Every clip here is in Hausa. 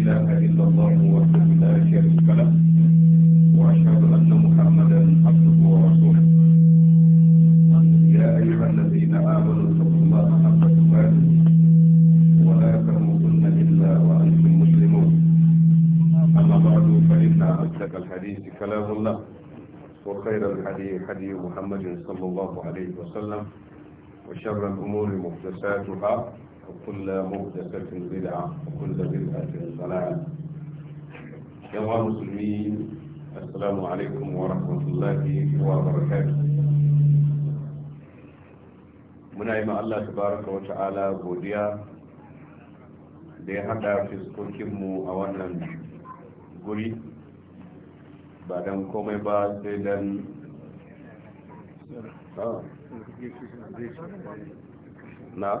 إله إلا الله وحده لا شريك له وأشهد أن محمدا عبده ورسوله يا أيها الذين آمنوا اتقوا الله حق تقاته ولا تموتن إلا وأنتم مسلمون أما بعد فإن أصدق الحديث كلام الله وخير الحديث حديث محمد صلى الله عليه وسلم وشر الأمور محدثاتها وكل محدثة بدعة وكل بدعة ضلالة يا المسلمين السلام عليكم ورحمة الله وبركاته من أيما الله تبارك وتعالى بوديا da ya haɗa fiskokinmu a wannan guri ba don komai ba sai don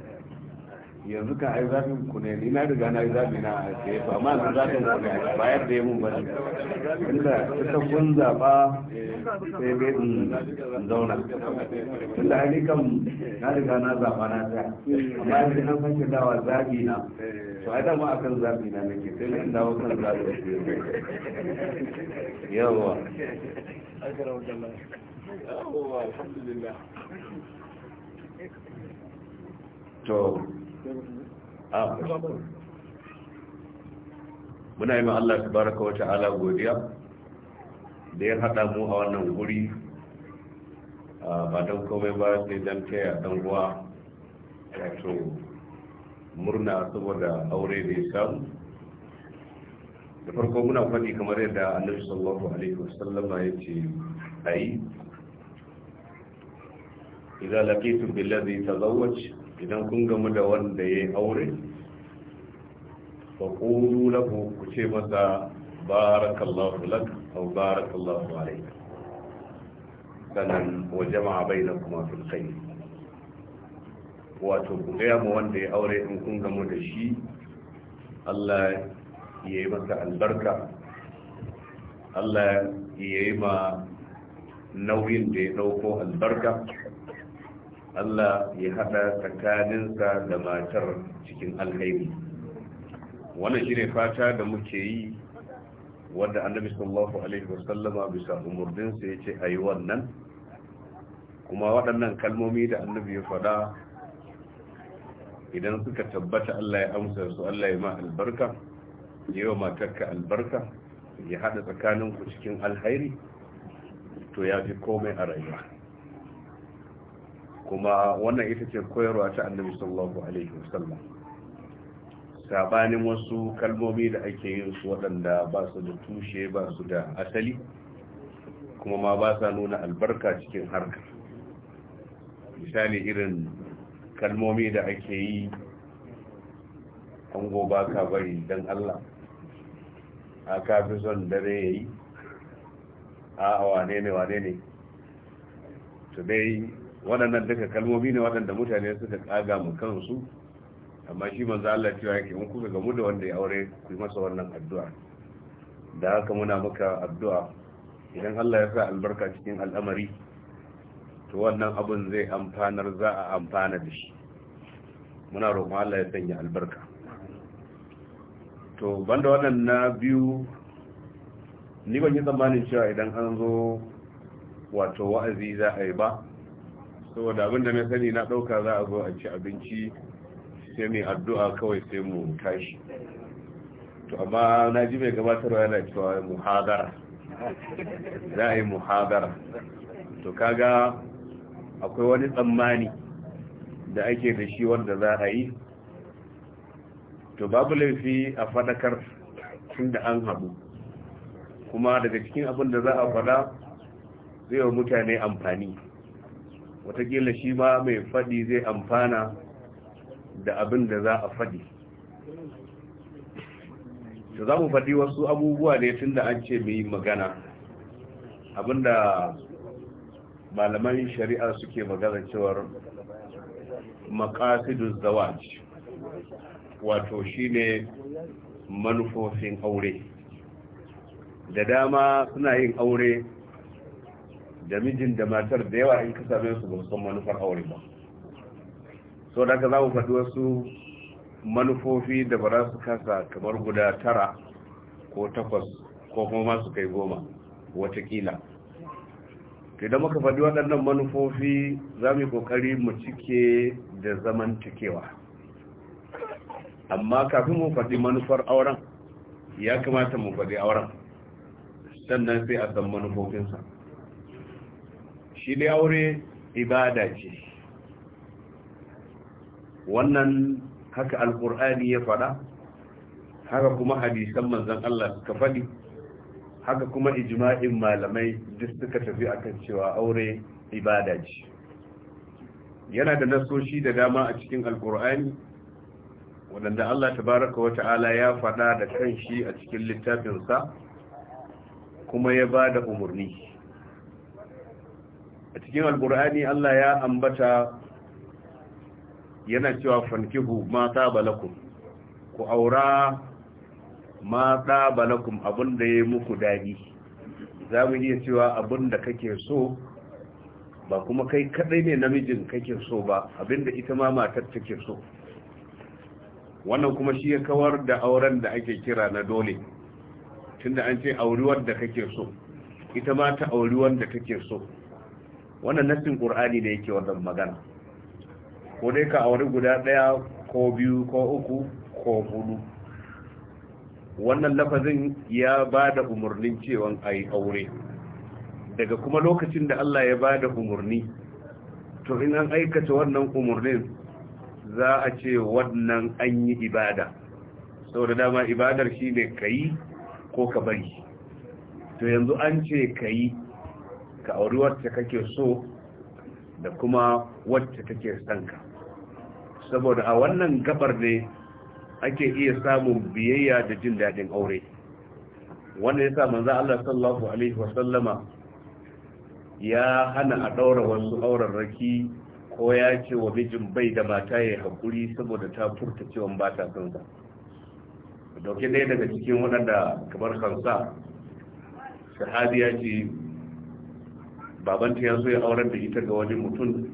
yanzu ka ai zafin ku ne ni na riga na yi zafi na a ba ma na zafin ku ne ba ya ya mun ba ne tunda ita kun zaba sai dai in zauna inda ai kan na riga na zaɓa na ta amma yanzu an sake dawa zafi na to ai dama akan zafi na nake sai dai in wa kan zafi yawa yawa alhamdulillah to Ah. muna yi Allah baraka wata ta'ala godiya da ya haɗa mu a wannan guri ba don komai ba sai don taya dan uwa wato murna saboda aure da ya samu da farko muna faɗi kamar yadda annabi sallallahu alaihi wasallam ya ce ayi idza laqitum billadhi tazawwaj idan kun gamu da wanda ya yi aure faƙuru qulu lahu ku ce masa barakallahu lak aw barakallahu alayk sanan wa jama'a bainakuma fil khair wato ku gaya ma wanda ya aure in kun gamu da shi Allah ya yi masa albarka Allah ya yi ma nauyin da ya ɗauko albarka Allah ya haɗa tsakaninsa da matar cikin alkhairi wannan shine fata da muke yi wanda annabi sallallahu alaihi wasallama bisa umurdinsa ya ce a yi wannan kuma waɗannan kalmomi da annabi ya faɗa idan suka tabbata Allah ya amsa su Allah ya ma albarka ya yi wa matarka albarka ya haɗa tsakaninku cikin alhairi to ya fi komai a rayuwa kuma wannan ita ce koyarwa ta annabi sallallahu alaihi wasallam sabanin wasu kalmomi da ake yin su waɗanda ba su da tushe ba su da asali kuma ma ba sa nuna albarka cikin harka misali irin kalmomi da ake yi an goba ka bari don allah a kafin son dare ya yi a wane ne wane ne waɗannan duka kalmomi ne waɗanda mutane suka kaga mu kansu amma shi manzo Allah cewa yake in kuka gamu da wanda ya aure ku masa wannan addu'a da haka muna maka addu'a idan Allah ya sa albarka cikin al'amari to wannan abun zai amfanar za a amfana da shi muna roƙon Allah ya sanya albarka to banda wannan na biyu ni ban yi tsammanin cewa idan an zo wato wa'azi za a yi ba saboda abin da na sani na ɗauka za a zo a ci abinci sai mai addu'a kawai sai mu tashi to amma na ji mai gabatarwa yana cewa muhadara za a yi muhadara to kaga akwai wani tsammani da ake da shi wanda za a yi to babu laifi a faɗakar tun da an haɗu kuma daga cikin abin da za a fada zai wa mutane amfani watakila shi ma mai faɗi zai amfana da abin da za a faɗi To za mu faɗi wasu abubuwa ne tun da an ce mai magana abinda malaman shari'a suke magana cewar makasidun zawaj wato shine manufofin aure da dama suna yin aure da mijin da matar da yawa in ka same su ba san manufar aure ba so da ka za mu faɗi wasu manufofi da ba su kasa kamar guda tara ko takwas ko kuma masu kai goma watakila idan muka faɗi waɗannan manufofi za mu yi ƙoƙari mu cike da zaman cikewa amma kafin mu faɗi manufar auren ya kamata mu faɗi auren sannan sai a san manufofinsa shi da aure ibada ce wannan haka alkur'ani ya faɗa haka kuma hadisan manzan Allah suka faɗi haka kuma ijma'in malamai duk suka tafi akan cewa aure ibada ce yana da nasoshi da dama a cikin alkur'ani waɗanda Allah tabaraka wa ta'ala ya faɗa da kanshi a cikin littafinsa kuma ya ba da umarni a cikin alkur'ani Allah ya ambata yana cewa fankihu ma tabalakum ku aura ma tabalakum abinda ya muku dadi za mu iya cewa abinda kake so ba kuma kai kadai ne namijin kake so ba abinda ita ma matar take so wannan kuma shi ya kawar da auren da ake kira na dole tunda an ce auri wanda kake so ita ma ta auri wanda kake so wannan nassin qur'ani ne yake wannan magana ko dai ka aure guda daya ko biyu ko uku ko hudu wannan lafazin ya bada da umarnin cewa a aure daga kuma lokacin da Allah ya bada da umarni to in an aikata wannan umarnin za a ce wannan an yi ibada sau dama ibadar shi ne ka ko ka bari to yanzu an ce ka ka auri wacce kake so da kuma wacce take son ka saboda a wannan gabar ne ake iya samun biyayya da jin daɗin aure wanda ya sa za Allah sallallahu alaihi wasallama ya hana a ɗaura wasu auren raki ko ya ce wa mijin bai da mata ya haƙuri saboda ta furta cewa ba ta son sa dauke ɗaya daga cikin waɗanda kamar kansa sahabi ya ce babanta ya so ya auren da ita ga wani mutum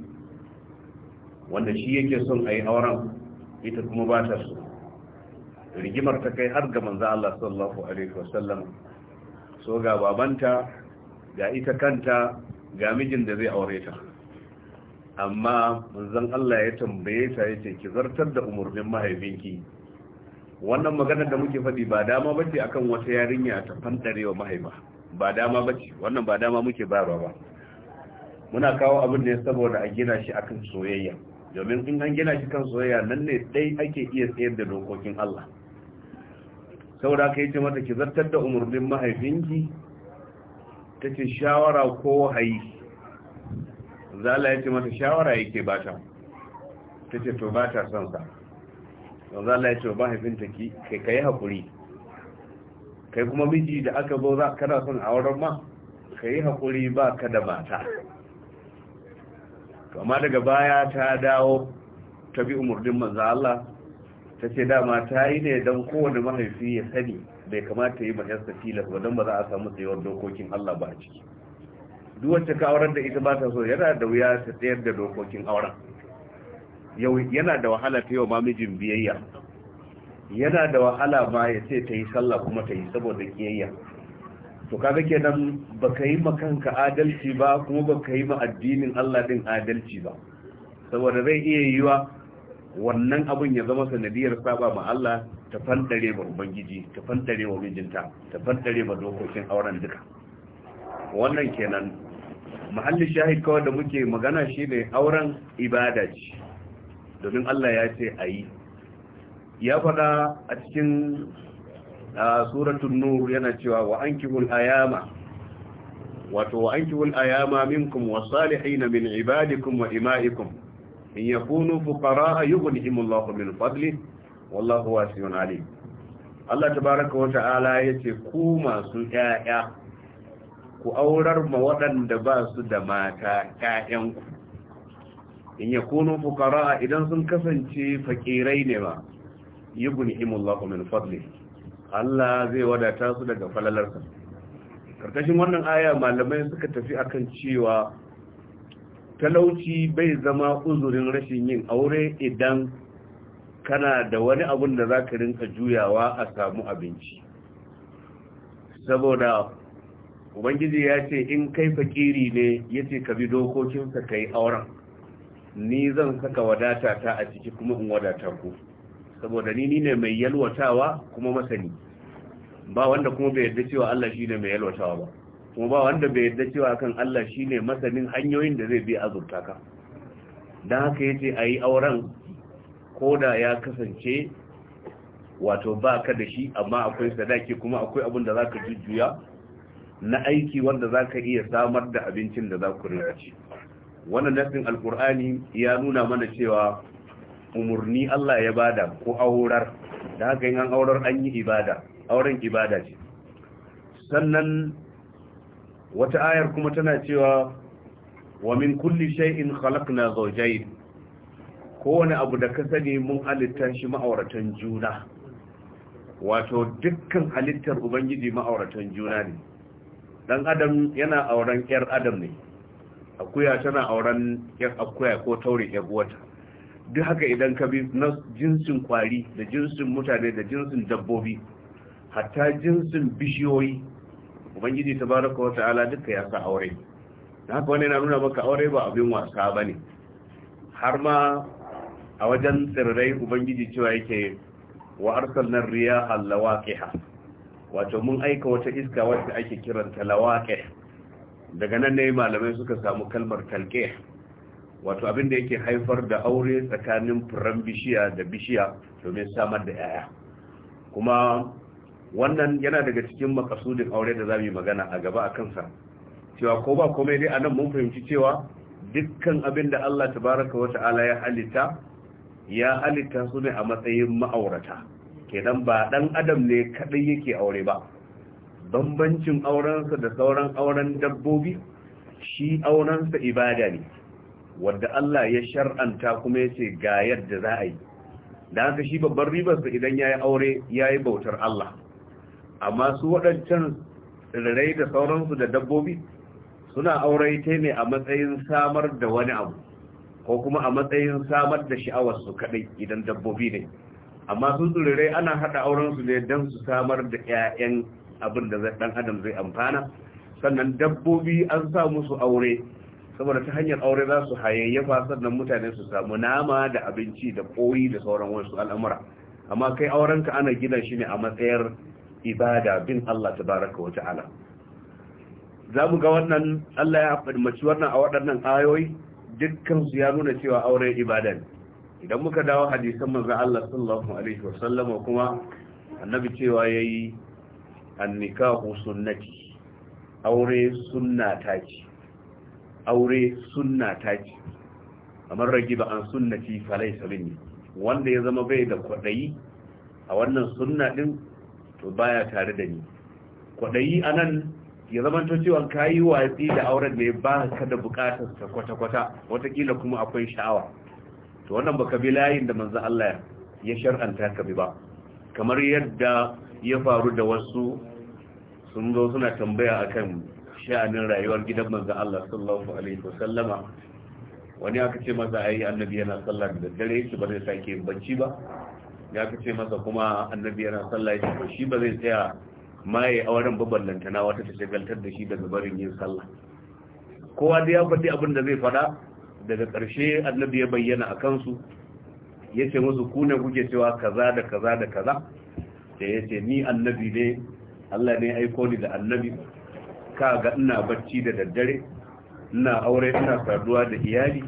wanda shi yake son a yi auren ita kuma ba ta so rigimar ta kai har ga manza Allah sallallahu alaihi wasallam so ga babanta ga ita kanta ga mijin da zai aure ta amma manzan Allah ya tambaye ta ya ce ki zartar da umurnin mahaifinki wannan maganar da muke faɗi ba dama bace akan wata yarinya ta fantarewa mahaifa ba dama bace wannan ba dama muke ba ba muna kawo abin ne saboda a gina shi akan soyayya domin in an gina shi kan soyayya nan ne dai ake iya tsayar da dokokin Allah saboda aka yi ce mata ki zartar da umarnin mahaifinki ta ce shawara ko hayi zala ya ce mata shawara yake ba ta ta ce to ba ta son sa zala ya ce ba haifinta ki kai kai haƙuri kai kuma miji da aka zo za kana son auren ma kai haƙuri ba ka da mata to amma daga baya ta dawo ta bi umarnin manzo Allah ta ce dama ta yi ne don kowane mahaifi ya sani bai kamata yi mahaifarsa tilas ba don ba za a samu tsayuwar dokokin Allah ba a ciki duk wacce ka auren da ita ba ta so yana da wuya ta tsayar da dokokin auren yau yana da wahala ta yi ma mijin biyayya yana da wahala ba ya ce ta yi sallah kuma ta yi saboda kiyayya to kaga kenan baka yi ma kanka adalci ba kuma baka yi ma addinin Allah din adalci ba saboda zai iya yiwa wannan abun ya zama sanadiyar saba ma Allah ta fandare ma ubangiji ta fandare ma mijinta ta fandare ma dokokin auren duka wannan kenan mahalli shahid kawai da muke magana shi ne auren ibada ce domin Allah ya ce a yi ya faɗa a cikin a suratul nur yana cewa wa ankihul ayama wato wa ankihul ayama minkum wasalihin min ibadikum wa imaikum in yakunu fuqara yughnihimullahu min fadli wallahu wasi'un alim Allah tabaraka wa ta'ala yace ku masu ƴaƴa ku aurar ma waɗanda ba su da mata ƴaƴanku in yakunu fuqara idan sun kasance fakirai ne ba yughnihimullahu min fadli Allah zai wadata su daga falalarsa karkashin wannan aya malamai suka tafi akan cewa talauci bai zama uzurin rashin yin aure idan kana da wani abun da za ka rinka juyawa a samu abinci saboda ubangiji ya ce in kai fakiri ne ya ce ka bi dokokinsa ka yi auren ni zan saka wadata ta a ciki kuma in wadata ku saboda ni ni ne mai yalwatawa kuma masani ba wanda kuma bai yarda cewa Allah shine mai yalwatawa ba kuma ba wanda bai yarda cewa kan Allah shine masanin hanyoyin da zai bi azurta ka dan haka yace ayi auren koda ya kasance wato ba ka da shi amma akwai sadaki kuma akwai abin da zaka jujjuya na aiki wanda zaka iya samar da abincin da za ku rinka ci wannan nasin alkur'ani ya nuna mana cewa Umurni Allah ya bada ko aurar da haka yin aurar an yi ibada auren ibada ce sannan wata ayar kuma tana cewa wa min kulli shay'in khalaqna zawjayn kowane abu da ka sani mun halittar shi ma'auratan juna wato dukkan halittar ubangiji ma'auratan juna ne dan adam yana auren yar adam ne akuya tana auren yar akuya ko taurin yar wata duk haka idan ka bi na jinsin kwari da jinsin mutane da jinsin dabbobi hatta jinsin bishiyoyi ubangiji tabaraka wa ta'ala duka ya sa aure da haka wani na nuna maka aure ba abin wasa ba ne har ma a wajen tsirrai ubangiji cewa yake wa arsalnar riyaha wato mun aika wata iska wacce ake kiranta lawaƙe. daga nan ne malamai suka samu kalmar kalke? wato abin da yake haifar da aure tsakanin furen bishiya da bishiya domin samar da yaya kuma wannan yana daga cikin makasudin aure da za mu yi magana a gaba a kansa cewa ko ba komai dai a nan mun fahimci cewa dukkan abin da Allah tabaraka wa ta'ala ya halitta ya halitta su ne a matsayin ma'aurata kenan ba dan adam ne kadai yake aure ba bambancin aurensa da sauran auren dabbobi shi aurensa ibada ne wadda Allah ya shar'anta kuma ya ce ga yadda za a yi da haka shi babban ribarsa idan ya yi aure ya yi bautar Allah amma su waɗancan tsirrai da sauransu da dabbobi suna aure ta ne a matsayin samar da wani abu ko kuma a matsayin samar da sha'awarsu kaɗai idan dabbobi ne amma sun tsirrai ana haɗa aurensu ne don su samar da 'ya'yan abin da ɗan adam zai amfana sannan dabbobi an sa musu aure saboda ta hanyar aure za su hayayyafa sannan mutane su samu nama da abinci da koyi da sauran wasu al'amura amma kai aurenka ana gina shi ne a matsayar ibada bin Allah tabaraka wa ta'ala za mu ga wannan Allah ya faɗi wannan a waɗannan ayoyi dukkan su ya nuna cewa aure ibada ne idan muka dawo hadisan manzo Allah sallallahu alaihi wa kuma annabi cewa yayi annikahu sunnati aure sunnata ce aure sunna ta ce kamar ragi ba an sunnati falai sabini wanda ya zama bai da kwaɗayi a wannan sunna ɗin to baya tare da ni kwaɗayi a nan ya zama to cewa ka yi watsi da auren da ya ba ka da buƙatar ta kwata-kwata watakila kuma akwai sha'awa to wannan ka bi layin da manzo Allah ya shar'anta ka bi ba kamar yadda ya faru da wasu sun zo suna tambaya akan sha'anin rayuwar gidan manzon Allah sallallahu alaihi wasallama wani aka ce masa ai annabi yana sallah da daddare shi ba zai sake yin bacci ba ya aka ce masa kuma annabi yana sallah ya shi ba zai tsaya maye a wurin babban wata ta shagaltar da shi daga barin yin sallah kowa da ya faɗi abin da zai faɗa daga ƙarshe annabi ya bayyana a kansu ya ce musu ku ne kuke cewa kaza da kaza da kaza da ya ce ni annabi ne Allah ne aiko ni da annabi ka ga ina bacci da daddare ina aure ina saduwa da iyali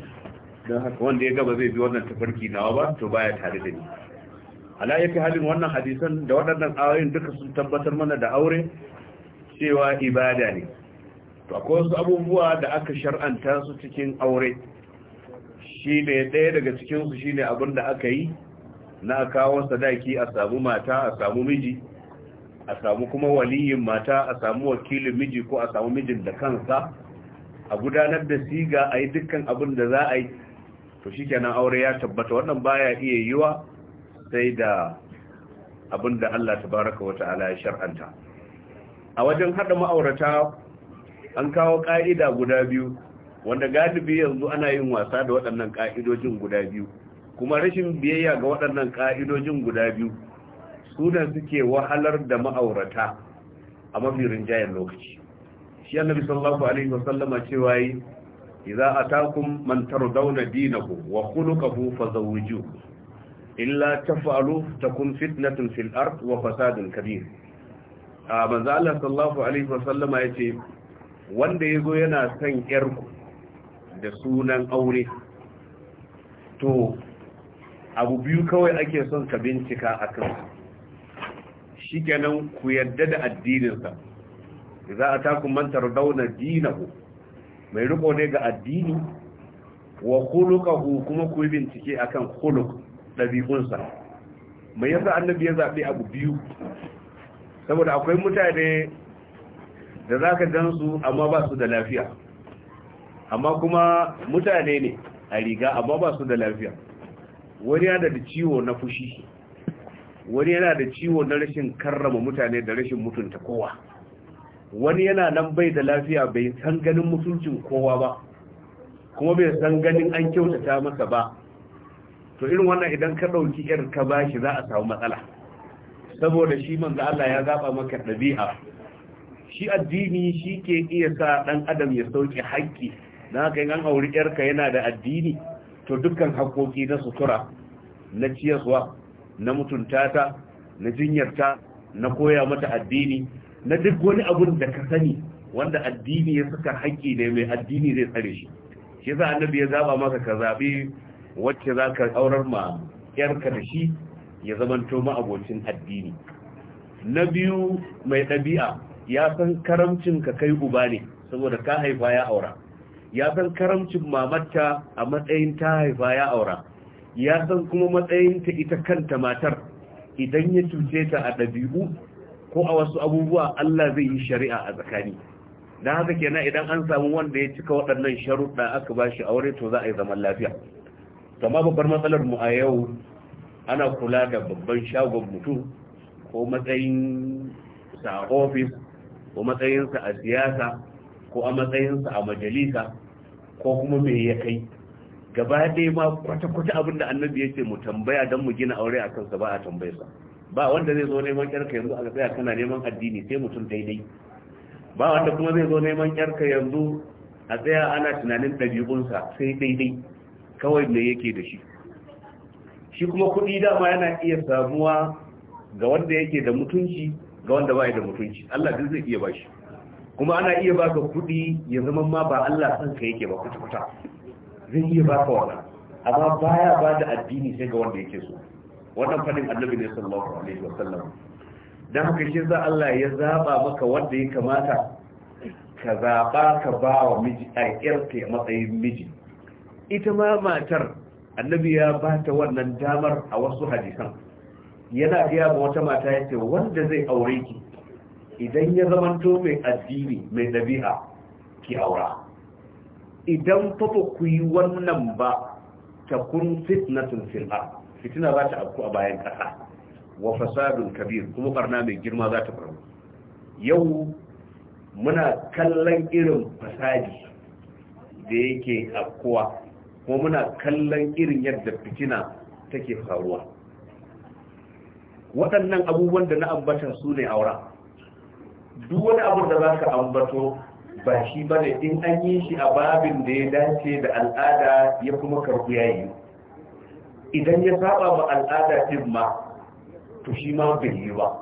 don haka wanda ya gaba zai bi wannan tafarki nawa ba to baya tare da ni ala yake halin wannan hadisan da waɗannan ayoyin duka sun tabbatar mana da aure cewa ibada ne to akwai wasu abubuwa da aka shar'anta su cikin aure shi ne ɗaya daga cikinsu shi ne abin da aka yi na kawo sadaki a samu mata a samu miji a samu kuma waliyin mata a samu wakilin miji ko a samu mijin da kansa a gudanar da siga a yi dukkan abin da za a yi to shi kenan aure ya tabbata wannan baya iya yiwa sai da abin da Allah ta wa ta'ala ya shar'anta a wajen haɗa ma'aurata an kawo ka'ida guda biyu wanda galibi yanzu ana yin wasa da waɗannan ka'idojin guda biyu kuma rashin biyayya ga waɗannan ka'idojin guda biyu suna suke wahalar da ma'aurata a mafi rinjayen lokaci shi annabi sallallahu alaihi wasallama cewa yi idza atakum man tardawna dinahu wa khuluquhu fazawwijuhu illa taf'alu takun fitnatun fil ard wa fasadun kabir a manzo Allah sallallahu alaihi wasallama yace wanda yazo yana son yarku da sunan aure to abu biyu kawai ake son ka bincika a kansu shikenan ku yadda da addininsa za a takun mantar dauna dinahu mai riko ne ga addini wa khuluquhu kuma ku bincike akan khuluq dabi'unsa mai yasa annabi ya zaɓe abu biyu saboda akwai mutane da zaka gansu amma ba su da lafiya amma kuma mutane ne a riga amma ba su da lafiya wani yana da ciwo na fushi wani yana da ciwo na rashin karrama mutane da rashin mutunta kowa wani yana nan bai da lafiya bai san ganin mutuncin kowa ba kuma bai san ganin an kyautata masa ba to irin wannan idan ka ɗauki irin ka bashi za a samu matsala saboda shi manzo Allah ya zaba maka ɗabi'a shi addini shi ke iya sa ɗan adam ya sauke haƙƙi na haka an auri yarka yana da addini to dukkan hakoki na sutura na ciyaswa. na mutunta ta na jinyarta na koya mata addini na duk wani abun da ka sani wanda addini ya saka haƙƙi ne mai addini zai tsare shi shi yasa annabi ya zaba maka ka zabi wacce za ka aurar ma yarka da shi ya zamanto abocin addini na biyu mai ɗabi'a ya san karamcin ka kai uba ne saboda ka haifa ya aura ya san karamcin mamatta a matsayin ta haifa ya aura ya san kuma matsayinta ita kanta matar idan ya cuce ta a ɗabi'u ko a wasu abubuwa Allah zai yi shari'a a tsakani Na haka kenan idan an samu wanda ya cika waɗannan sharuɗa aka ba shi aure to za a yi zaman lafiya amma babbar matsalar mu a yau ana kula da babban shagon mutum ko matsayin sa a ofis ko matsayinsa a siyasa ko a matsayinsa a majalisa ko kuma me ya kai gaba ɗaya ma kwata-kwata abin da annabi ya ce mu tambaya don mu gina aure a kansa ba a tambaye sa ba wanda zai zo neman yarka yanzu a tsaya kana neman addini sai mutum daidai ba wanda kuma zai zo neman yarka yanzu a tsaya ana tunanin ɗabi'unsa sai daidai kawai me yake da shi shi kuma kuɗi dama yana iya samuwa ga wanda yake da mutunci ga wanda ba da mutunci Allah duk zai iya ba shi. kuma ana iya baka kuɗi ya zama ma ba Allah san ka yake ba kwata-kwata zai iya ba ka wata. amma baya ba da addini sai ga wanda yake so wannan fadin annabi ne sallallahu alaihi sallam dan haka shi za Allah ya zaba maka wanda ya kamata ka zaba ka ba wa miji a irke matsayin miji ita ma matar annabi ya ba ta wannan damar a wasu hadisan yana gaya wa wata mata yace wanda zai aure ki idan ya zamanto mai addini mai dabi'a ki aura idan fafa ku yi wannan ba ta kun fitnatun fil'a fitina za ta afku a bayan ƙasa wa fasadun kabir kuma barna mai girma za ta faru yau muna kallon irin fasadi da yake afkuwa kuma muna kallon irin yadda fitina take faruwa waɗannan abubuwan da na ambata su ne aura duk wani abu da za ka ambato ba shi ba ne in an yi shi a babin da ya dace da al'ada ya kuma karbu ya yi idan ya saba ma al'ada din ma to shi ma bai yi ba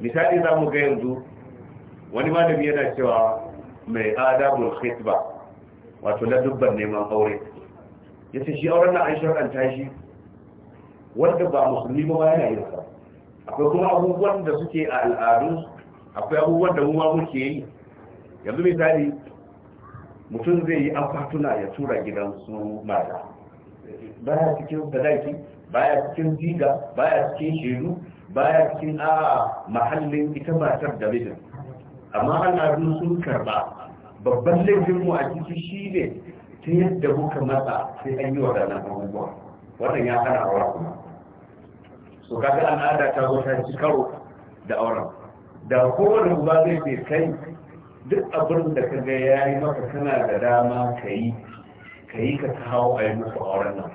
misali za mu ga yanzu wani malami yana cewa mai adabul khitba wato na dubban neman aure ya ce shi auren na an shar'anta shi wanda ba musulmi ba yana yin sa akwai kuma abubuwan da suke a al'adu? akwai abubuwan da mu ma muke yi yanzu misali mutum zai yi akwatuna ya tura gidan su mata baya cikin sadaki baya cikin jiga baya cikin shedu baya cikin a mahallin ita matar da mijin amma al'adu sun karba babban laifin mu a ciki ne ta yadda muka matsa sai an yi waɗannan abubuwa wannan ya hana aure kuma so kaga al'ada ta zo ta ci karo da auren da kowane uba zai bai kai duk abin da ka ga ya yi maka kana da dama ka yi ka yi ka kawo a yi maka auren nan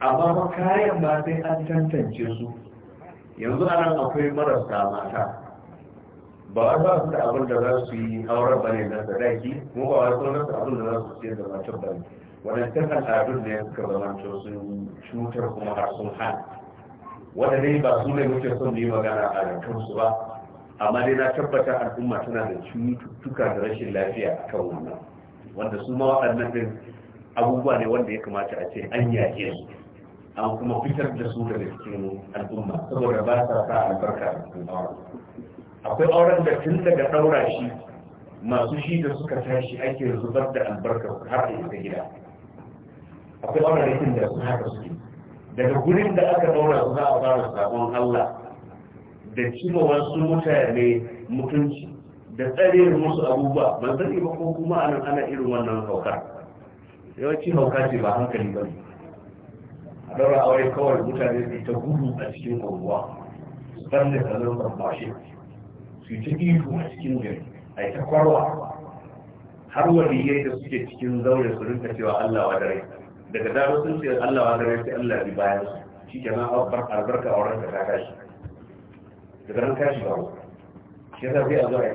amma ba kayan ma sai an tantance su yanzu a nan akwai marasa mata ba ba su da abin da za su yi auren ba ne na sadaki kuma ba wai sauran su abin da za su ce da matar ba ne wadannan al'adun da ya suka zama sun cutar kuma har sun hana wadda dai ba su ne muke son yi magana a yankansu ba amma dai na tabbata al'umma tana da cututtuka da rashin lafiya a kan wannan wanda su ma waɗannan din abubuwa ne wanda ya kamata a ce an yaƙe su an kuma fitar da su daga cikin al'umma saboda ba sa sa albarka a cikin auren akwai auren da tun daga ɗaura shi masu shi da suka tashi ake zubar da albarkar har da ita gida akwai auren da su haka suke daga gurin da aka ɗaura su za a fara sabon Allah da cima wasu mutane mutunci da tsare musu abubuwa zan sani ba ko kuma nan ana irin wannan hauka yawanci hauka ce ba hankali ba ne a daura aure kawai mutane su ta gudu a cikin unguwa su bar da salon farfashe su ta ihu a cikin gari a ta kwarwa har waliyyai da suke cikin zaure su rinka cewa Allah wa dare daga dama sun ce Allah wa dare sai Allah bi bayan su shi kenan albarka auren da ta kashi daga nan kashi ba shi yasa sai a zo a yi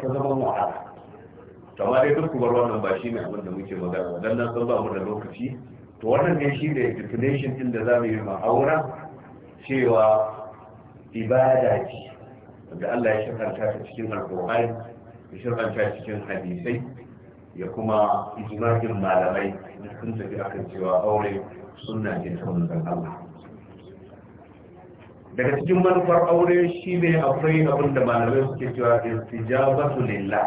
ta dai duk bar wannan ba shi ne abin da muke magana ba dan nan san ba mu da lokaci to wannan ne shi ne definition din da zamu yi ma'aura cewa ibada ce wanda Allah ya shirkanta ta cikin alqur'ani ya shirkanta cikin hadisai ya kuma ijma'in malamai da sun tafi akan cewa aure sunna ce ta Allah daga cikin manufar aure shi ne akwai abin da malamai suke cewa irtijabatu lillah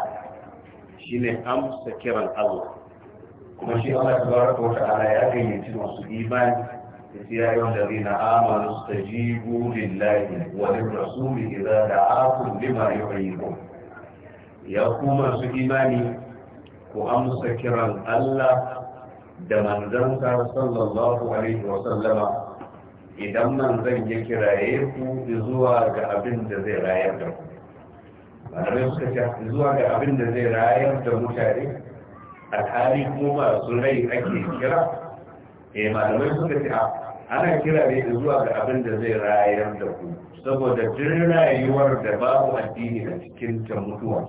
shi ne amsa kiran Allah kuma shi Allah tabaraka wata ala ya gayyaci masu imani da siya yi wanda rina amanu stajibu lillahi wa lirrasuli da da'akum lima ko ya kuma su imani ku amsa kiran Allah da manzon sallallahu alaihi wa sallama idan zan ya kiraye ku zuwa ga abin da zai rayar da ku malamai suka ce zuwa ga abin da zai rayar da mutane a alhali kuma masu rai ake kira eh malamai suka ce ah, ana kira ne zuwa ga abin da zai rayar da ku saboda duk rayuwar da babu addini a cikin ta mutuwa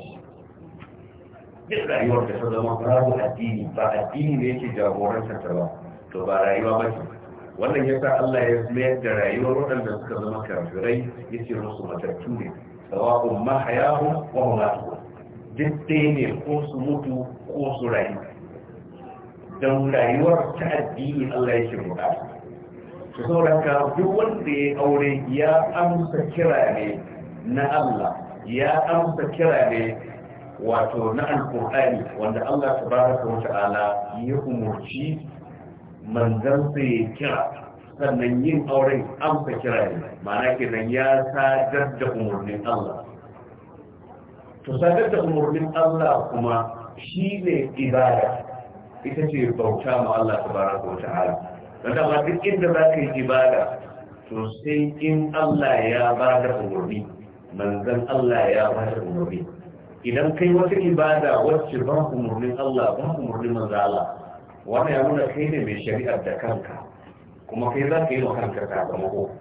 duk rayuwar da ta zama babu addini ba addini ne yake jagorantar ta ba to ba rayuwa ba ce wannan ya sa Allah ya mayar da rayuwar waɗanda suka zama kafirai ya ce musu matattu ne sawa'un mahayahu wa mamatu duk ɗaya ne ko su mutu ko su rayu don rayuwar ta addini Allah ya ce bukata su sauraka duk wanda ya aure ya amsa kira ne na Allah ya amsa kira ne wato na alkur'ani wanda Allah tabaraka wa ta'ala ya umurci manzan ya kira sannan yin auren amsa kira ne ke kenan ya sadar da umarnin Allah to sadar da umarnin Allah kuma shi ne ibada ita ce bauta ma Allah ta ko ta ta'ala dan da duk inda za ka yi ibada to sai in Allah ya ba da umarni manzan Allah ya ba da umarni idan kai wata ibada wacce ba umarnin Allah ba umarnin manzo Allah wannan ya nuna kai ne mai shari'ar da kanka kuma kai za ka yi wa kanka sakamako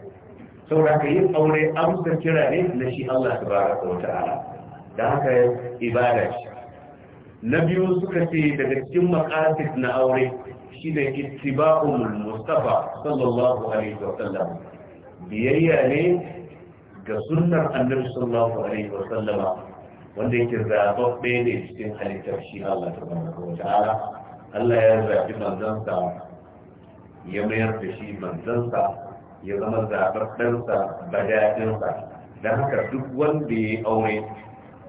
saboda ka yi aure amsa kira ne na shi Allah ta ba tabaraka wa ta'ala da haka ibada ce na biyu suka ce daga cikin maqasid na aure shi da ittiba'ul mustafa sallallahu alaihi wa sallam biyayya ne ga sunnar annabi sallallahu alaihi wa sallama wanda yake zababbe ne cikin halittar shi Allah ta ba tabaraka wa ta'ala Allah ya zaɓi manzansa ya mayar da shi manzansa ya zama ba daɗinsa da haka duk wanda ya aure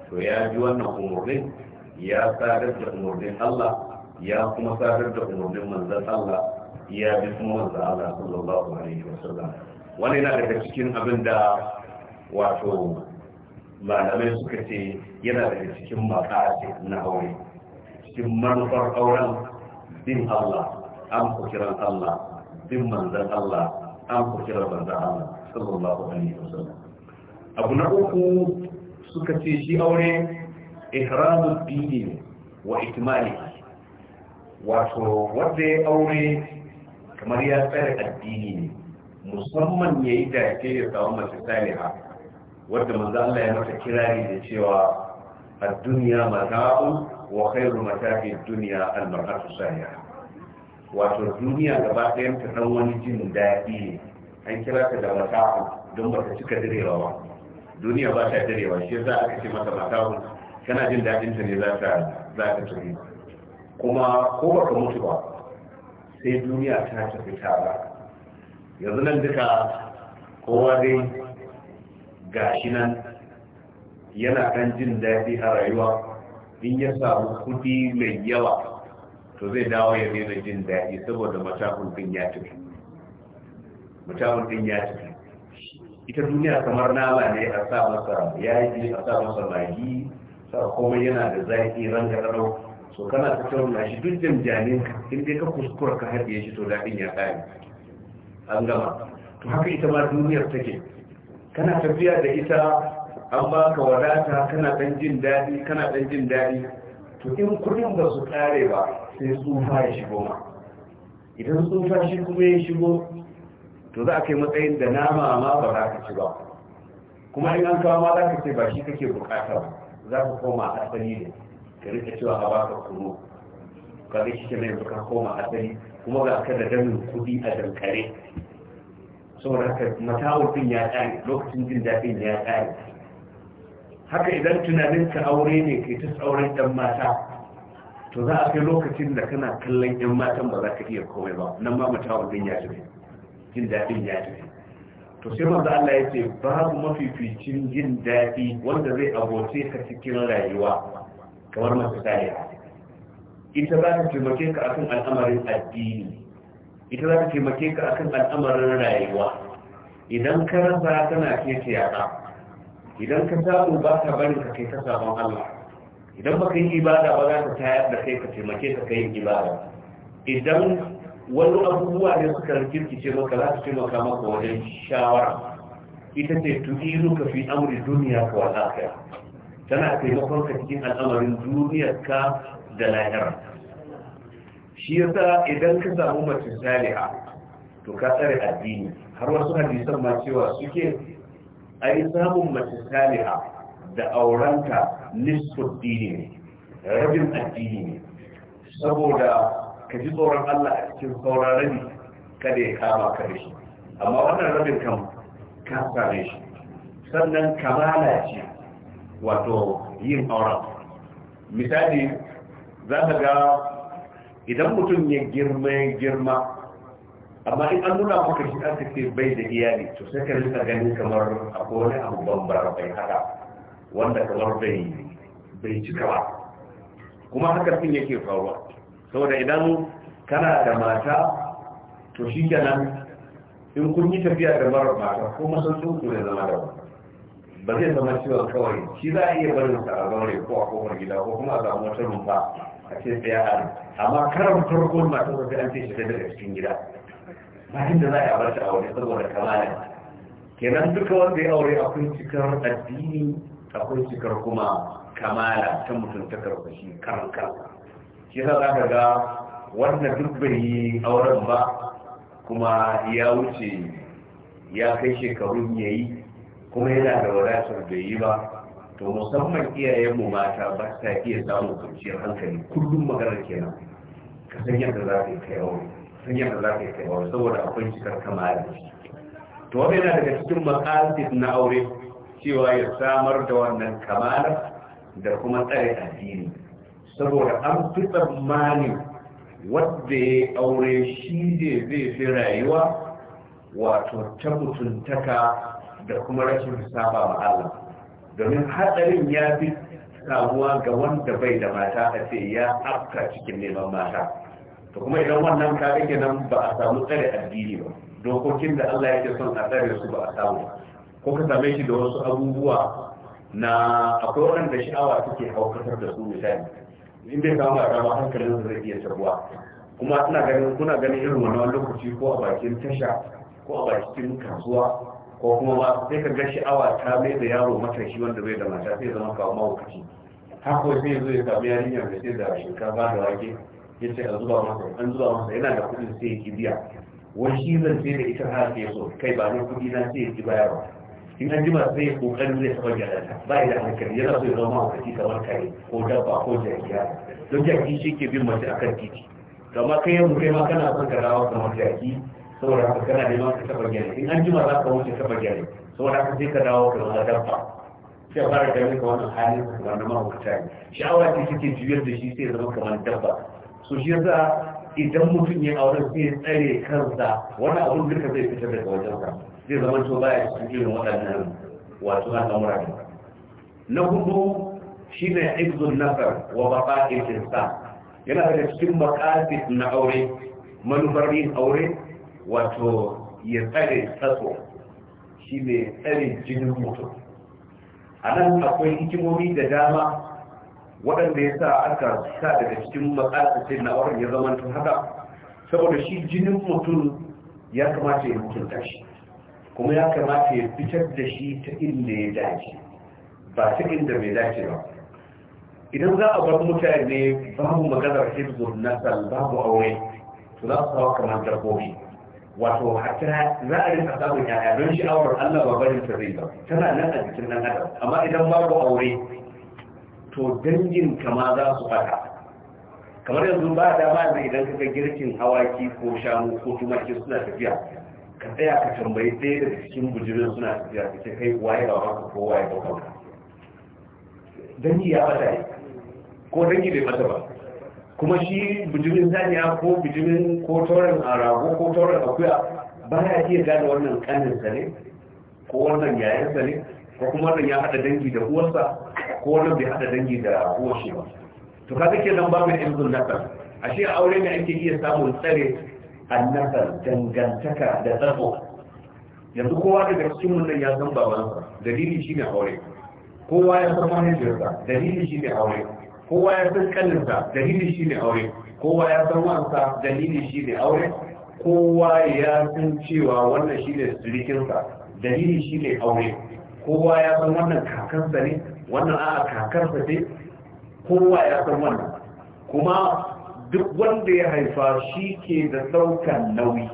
to ya ji wannan umarnin ya sadar da umarnin Allah ya kuma sadar da umarnin manzan Allah ya bi kuma manzan Allah sallallahu alaihi sallam. wani yana daga cikin abin da wato malamai suka ce yana daga cikin makasi na aure cikin manufar auren bin Allah an ku kiran Allah bin manzan Allah an ku kiran manzan Allah sallallahu alaihi wasallam abu na uku suka ce shi aure ikramul dini wa ikmali wato wanda ya aure kamar ya tsare addini ne musamman ya yi dace ya samu mace saliha wadda manzo Allah ya mata kirari da cewa ad-dunya mata'un wa khairu matahi dunya al-mar'atu wato duniya gaba ɗayan ta dan wani jin daɗi an kira ta da mata'u don ba ta cika direwa ba duniya ba ta direwa shi yasa aka ce mata mata'u kana jin daɗin ta ne za ta za ta tafi kuma ko ba ka mutu ba sai duniya ta tafi ta ba yanzu nan duka kowa dai gashi nan yana kan jin daɗi a rayuwa in ya samu kuɗi mai yawa to zai dawo ya daina jin daɗi saboda matakun ɗin ya tafi matakun ɗin ya tafi ita duniya kamar nama ne a sa masa yaji a sa masa magi sa kuma yana da zaki, ran so kana ta tauna shi duk jamjanin in dai ka kuskura ka haɗe shi to daɗin ya ƙare an gama to haka ita ma duniyar take kana tafiya da ita an ba ka wadata kana ɗan jin daɗi kana ɗan jin daɗi to in kuɗin ba su ƙare ba sai tsufa ya shigo ma idan tsufa shi kuma ya shigo to za a kai matsayin da nama ma ba za ka ci ba kuma in an kawo ma za ka ce ba shi kake bukata ba za ka koma asali ne ka rika cewa a baka kuro ka ga shi kenan ka koma asali kuma ga ka da damin kuɗi a dankare saboda haka mata'ul ya ƙare lokacin jin daɗin ya ƙare haka idan tunanin ka aure ne kai ta tsauran yan mata to za a kai lokacin da kana kallon yan matan ba za ka iya komai ba nan ma mata wannan ya tafi jin daɗin ya tafi to sai manzo Allah ya ce babu mafificin jin daɗi wanda zai abote ka cikin rayuwa kamar masu tare ita za ta taimake ka akan al'amarin addini ita za ta taimake ka akan al'amarin rayuwa idan ka rasa tana ke ce yaɗa idan ka samu ba ka bari ka kai ta sabon Allah idan ba ka ibada ba za ka tayar da kai ka taimake ka kai ibada idan wani abubuwa ne suka rikirkice maka za su taimaka maka wajen shawara ita ce tu'iru ka fi amri duniya ka wa ka tana taimakon ka cikin al'amarin duniya ka da lahira shi yasa idan ka samu mace saliha to ka tsare addini har wasu hadisan ma cewa suke ai samun mace saliha da aurenta nisfu dini ne rabin addini ne saboda ka ji tsoron Allah a cikin sauran rabi kada ya kama ka da shi amma wannan rabin kan ka same shi sannan kamala ce wato yin auren misali za ka ga idan mutum ya girma ya girma amma in an nuna maka shi aka ce bai da iyali to sai ka rika ganin kamar akwai wani abu bambara bai haka wanda kamar bai bai cika ba kuma haka sun yake faruwa saboda idan kana da mata to shi kenan in kun yi tafiya da mara mata ko masancin ku ne zama da ba zai zama cewa kawai shi za a iya barin sa a zaure ko a kofar gida ko kuma a zama wata rumfa a ce tsaya amma karan farko mata ba an ce shi daga cikin gida bayan da za a bar shi aure saboda kamala kenan duka wanda ya aure akwai cikar addini akwai cikar kuma kamala ta mutuntakar shi karan kansa shi za ka ga wanda duk bai yi auren ba kuma ya wuce ya kai shekarun ya yi kuma yana da wadatar da yi ba to musamman iyayenmu mata ba ta iya samun kwanciyar hankali kullum maganar kenan ka san yadda za ka yi kai aure sun yi ba za ka yi kai ba saboda akwai cikar kamar to wani yana daga cikin makasid na aure cewa ya samar da wannan kamalar da kuma tsare addini saboda an fi tsammani wadda ya aure shi ne zai fi rayuwa wato ta mutuntaka da kuma rashin saba ma Allah domin hatsarin ya fi samuwa ga wanda bai da mata a ce ya afka cikin neman mata to kuma idan wannan ka kake nan ba a samu tsare addini ba dokokin da Allah yake son a tsare su ba a samu ko ka same shi da wasu abubuwa na akwai waɗanda sha'awa suke haukatar da su misali in bai samu a ba hankalin su zai iya tabuwa kuma ina ganin kuna ganin irin wannan lokaci ko a bakin tasha ko a bakin kasuwa ko kuma ba sai ka ga sha'awa ta mai da yaro matashi wanda bai da mata sai zama kawo mawukaci. haka sai zai sami yarinyar da sai da shinkafa da wake ya ce a zuba masa an zuba masa yana da kuɗin sai ya ki biya wani shi zan sai da ita har ke so kai ba nan kuɗi na sai ya ki bayarwa in an jima sai ya kokarin zai taɓa gyarata ba ya da hankali yana so ya zama a kaki kamar kare ko dabba ko jakiya don jaki shi ke bin mace akan titi kama kai yanzu kai ma kana son ka dawo kamar jaki saboda haka kana neman ka taɓa gyara in an jima za ka wuce taɓa gyara saboda haka sai ka dawo kamar dabba sai fara ganin ka wannan halin kamar na mahaukata ne sha'awa ce take juyar da shi sai zama kamar dabba su shi yasa idan mutum ya aure sai ya tsare kansa wani abun duka zai fitar da wajenka, zai zama to baya cikin irin waɗannan wato al'amura ne na hudu shi ne ibzul nasar wa baqa'il Sa, yana daga cikin maqasid na aure manufar yin aure wato ya tsare shi ne tsare jinin mutum a nan akwai hikimomi da dama waɗanda ya sa aka sa daga cikin matsatsa na wurin ya zama tun haka saboda shi jinin mutum ya kamata ya mutunta shi kuma ya kamata ya fitar da shi ta inda ya dace ba ta inda bai dace ba idan za a bar mutane babu maganar hibzun nasal babu aure to za su kawo kamar dabbobi wato hatta za a rinka samun yaya don sha'awar allah ba barin ta zai ba tana nan a jikin nan adam amma idan babu aure to dangin kama za su fata, kamar yanzu ba da ba ne idan kaga girkin hawaki ko shanu ko tumaki suna tafiya ka tsaya ka tambayi ɗaya daga cikin bujirin suna tafiya ka ce kai waye ba ka ko waye ba kanka dangi ya fata ne ko dangi bai fata ba kuma shi bujirin zaniya ko bujirin ko tauren arago ko tauren akuya ba ya iya gane wannan kaninsa ne ko wannan yayansa ne ko kuma wannan ya hada dangi da uwarsa ko wannan bai hada dangi da uwar shi ba to kaga ba babu ilmin nasar ashe a aure ne ake iya samun tsare annasar dangantaka da tsaro yanzu kowa daga cikin mun ya san babansa dalili shine aure kowa ya san mahaifiyarsa dalili shine aure kowa ya san kallinsa dalili shine aure kowa ya san wansa dalili shine aure kowa ya san cewa wannan shine sirikinsa dalili shine aure kowa ya san wannan kakansa ne wannan a'a kakarsa ce kowa ya san wannan kuma duk wanda ya haifa shi ke da saukan nauyi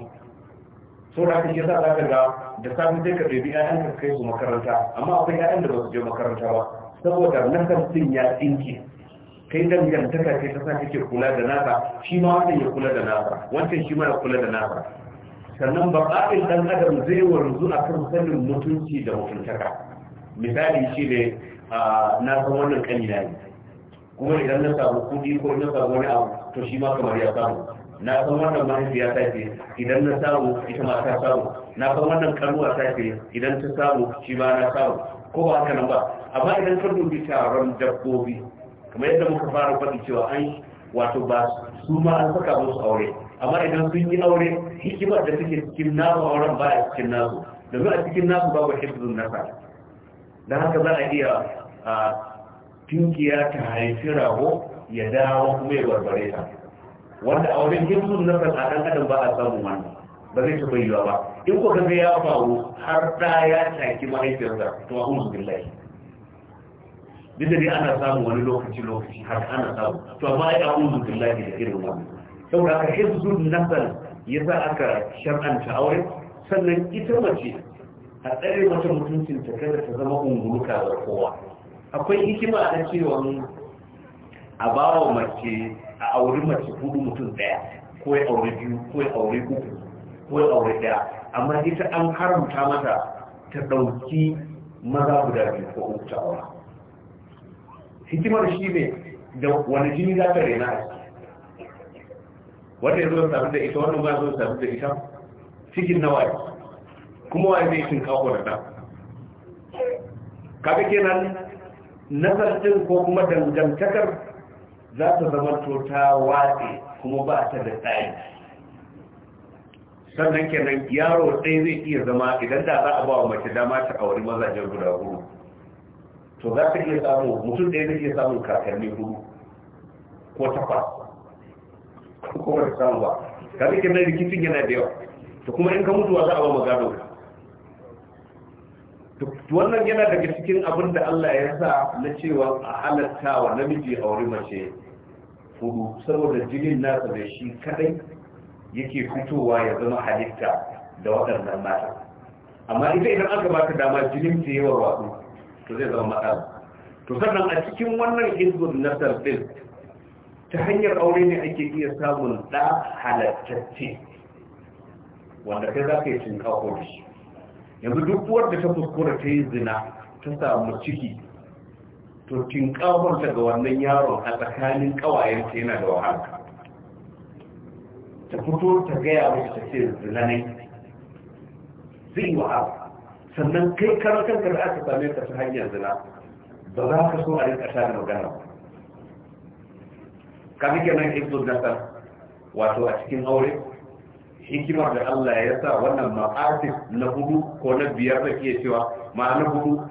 so da haka yasa za ka ga da samun sai ka ɗebi ƴaƴan ka kai su makaranta amma akwai ƴaƴan da ba su je makaranta ba saboda nakasin sun ya tsinke kai dangantaka kai ta sa kake kula da nasa shi ma wannan ya kula da nasa wancan shi ma ya kula da nasa sannan ba baƙaƙin ɗan adam zai wanzu a kan sanin mutunci da mutuntaka misali shi ne na san wannan ƙanina ne kuma idan na samu kuɗi ko na samu wani abu to shi ma kamar ya samu na san wannan mahaifiya ta ce idan na samu ita ma ta samu na san wannan kanuwa ta ce idan ta samu shi ma na samu ko ba haka nan ba amma idan ka dubi taron dabbobi kamar yadda muka fara faɗi cewa an wato ba su ma an saka musu aure amma idan sun yi aure hikimar da suke cikin nasu auren ba a cikin nasu domin a cikin nasu babu hifzun nasa don haka za a iya a tunkiya ta haifi rago ya dawo kuma ya barbare ta wanda a wajen hifzun nasa a ɗan adam ba a samu wani, ba zai ta yiwa ba in ko kaga ya faru har ɗa ya taki mahaifiyarsa to a zubin lai duk da dai ana samu wani lokaci lokaci har ana samu to amma kuma zubin lai da irin wannan saboda aka hizbun nasar ya za aka shar'anta aure sannan ita mace a tsare mata mutuncin ta kada ta zama unguluka ga kowa akwai hikima na cewa a bawa mace a auri mace hudu mutum daya ko ya aure biyu ko ya aure uku ko ya aure daya amma ita an haramta mata ta ɗauki maza guda biyu ko uku ta aura hikimar shi ne da wani jini za ta rena a wanda ya zo tafi da ita wannan ba zo tafi da ita cikin nawa kuma waye zai cin kawo da ta kaga kenan nasarcin ko kuma dangantakar za ta zama to ta watse kuma ba ta da tsayi sannan kenan yaro ɗaya zai iya zama idan da za a ba wa mace dama ta auri mazajen guda huru to za ta iya samu mutum ɗaya zai iya samun kakanni huru ko takwas Kuma ba ka samu ba ka zai kenan rikicin yana da yawa to kuma in ka mutuwa za a ba mu gado magado wannan yana daga cikin abin da Allah ya sa na cewa a halatta wa namiji a wuri mace hudu saboda jinin nasa da shi kadai yake fitowa ya zama halitta da waɗannan mata amma ita idan aka baka dama jinin ta yawa wato to zai zama matsala to sannan a cikin wannan hizbun na din ta hanyar aure ne ake iya samun ɗa halattacce wanda kai za ka yi shinkafa da shi yanzu duk wadda ta fuskura ta yi zina ta samu ciki to tinkawar daga wannan yaron a tsakanin kawayen ta yana da wahala ta fito ta gaya masa ta ce zinanai zai wahala sannan kai karantar da aka same ka ta hanyar zina ba za ka so a rika sha da magana ba nan kenan ibnu nasar wato a cikin aure hikimar da Allah ya sa wannan ma'atif na hudu ko na biyar da ke cewa ma'ana hudu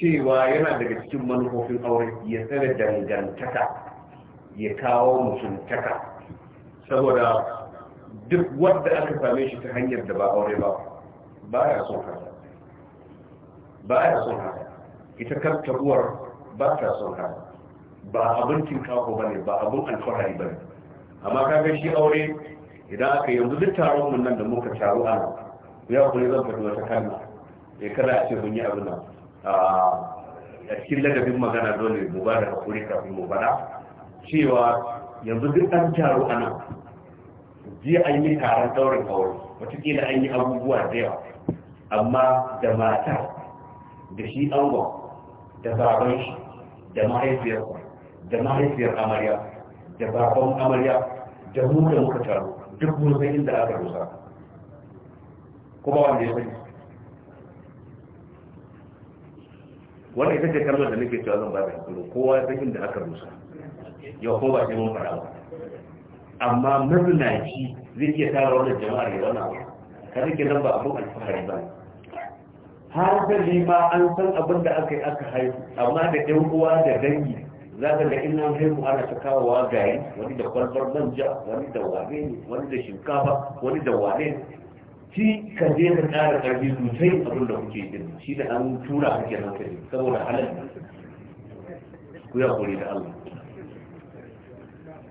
cewa yana daga cikin manufofin aure ya tsare dangantaka ya kawo mutuntaka saboda duk wanda aka same shi ta hanyar da ba aure ba ba ya son haka ba ya son haka ita kanta uwar ba ta son haka ba abin tinkaho ba ne ba abin alfahari ba ne amma kaga shi aure idan aka yanzu duk taron mun nan da muka taru a nan ya kuma zan fadi wata kalma ya eh, kada a ce mun yi abin nan a cikin ladabin magana dole mu ba da hakuri kafin mu bada cewa yanzu duk an taru a nan jiya an yi taron daurin aure watakila an yi abubuwa da yawa amma da matar da shi angon da baban da mahaifiyarsa da mahaifiyar amarya da baban amarya da mu da muka taru duk mun san inda aka rusa kuma wanda ya sani wannan ita ce kalmar da nake cewa zan ba da hankali kowa ya san inda aka rusa yau ko ba sai mun fara ba amma mazinaci zai iya tara wannan jama'ar ya zama ka kada ke nan ba abin alfahari ba har da ma an san abin da aka yi aka haifu amma da ɗan uwa da dangi za ka ga in mai haihu ana ta kawo gari wani da kwalbar manja wani da wane ne wani da shinkafa wani da wane ne shi ka je ka ƙara ƙarfi sosai abin da kuke yi shi da an tura a kenan kai saboda halal ku ya kore da Allah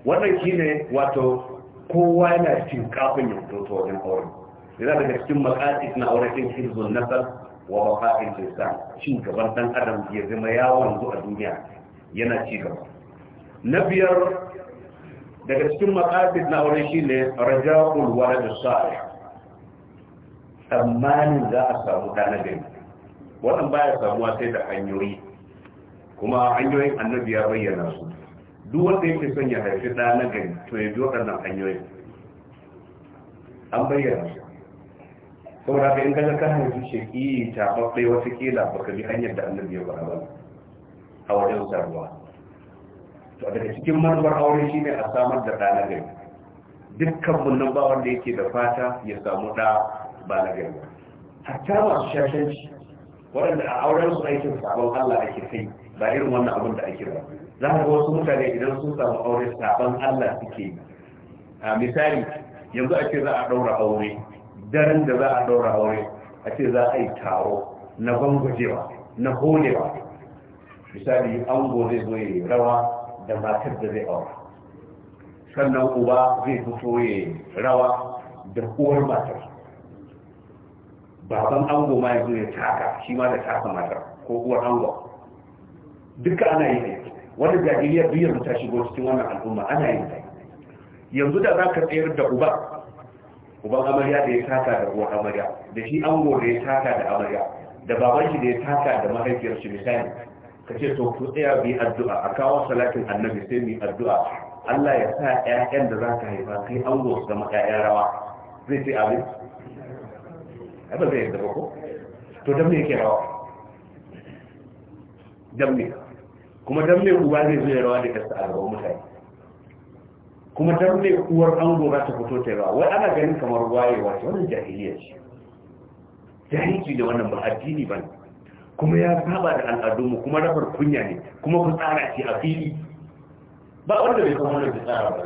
wannan shi ne wato kowa yana cin kafin ya fito ta wajen aure yana daga cikin makasis na aure cin hizbun nasar wa baka'in insan cin gaban dan adam ya zama yawon zuwa a duniya yana ci gaba na biyar daga cikin makasid na aure shi ne raja'ul walad salih tsammanin za a samu ɗana gari wannan baya samuwa sai da hanyoyi kuma hanyoyin annabi ya bayyana su duk wanda yake son ya haifi dana gari to ya bi waɗannan hanyoyin an bayyana su saboda ka in kaga ka haifi sheki kila ba baka bi hanyar da annabi ya faɗa ba a wajen to daga cikin manufar aure shine a samar da ɗa na gari dukkan bunnan ba wanda yake da fata ya samu ɗa ba na gari hatta masu shashanci waɗanda a auren su aikin sabon Allah ake kai ba irin wannan abin da ake ba za ka wasu mutane idan sun samu aure sabon Allah suke yi a misali yanzu ake za a ɗaura aure daren da za a ɗaura aure a za a yi taro na gwangwajewa na holewa misali ango zai zo ya rawa da matar da zai aura sannan uba zai fito ya rawa da uwar matar baban ango ma ya zo ya taka shi ma da taka matar ko uwar ango duka ana yi ne wani jahiliya biyar mu ta shigo cikin wannan al'umma ana yi ne yanzu da za ka tsayar da uba uban amarya da ya taka da uwar amarya da shi ango da ya taka da amarya da baban shi da ya taka da mahaifiyar shi misali ka ce to ku tsaya bi addu'a a kawo salatin annabi sai mu addu'a Allah ya sa ƴaƴan da zaka haifa kai ango su zama ƴaƴan rawa zai ce abin ba zai yarda ba ko to dan me yake rawa dan me kuma dan me uba zai zo ya rawa da kasta a gaban mutane kuma dan me uwar ango za ta fito ta rawa wai ana ganin kamar wayewa ce wannan jahiliya ce jahilci da wannan ba addini bane kuma ya saba da al'adunmu kuma rafar kunya ne kuma ku tsara ce a fili ba wanda bai san wanda tsara ba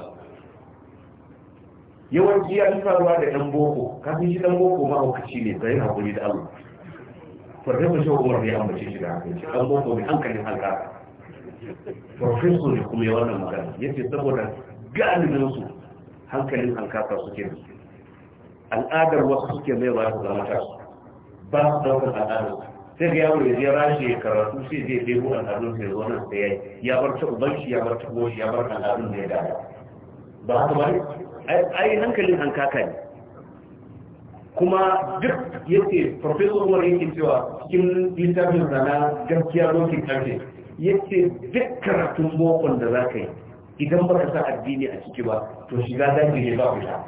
yawanci ya fi faruwa da ɗan boko kafin shi ɗan boko ma hukaci ne tsayin haƙuri da allah farfesa shi umar ya ambace shi da hankali ɗan boko mai hankalin halka farfesa ne kuma ya wannan magana ya ce saboda su hankalin halka suke al'adar wasu suke mai ba su zama su ba su ɗaukar al'adarsu sai ga yaro ya rashi ya karatu sai zai je buɗe al'adun sai zo nan sai ya bar ta uban shi ya bar ta goshi ya bar al'adun da ya gada ba haka ba ne? ai hankalin hankaka ne kuma duk yace professor Umar yake cewa cikin littafin sa na gaskiya dokin karfe yace duk karatun bokon da za ka yi idan baka sa addini a ciki ba to shiga zaki ne ba ku ta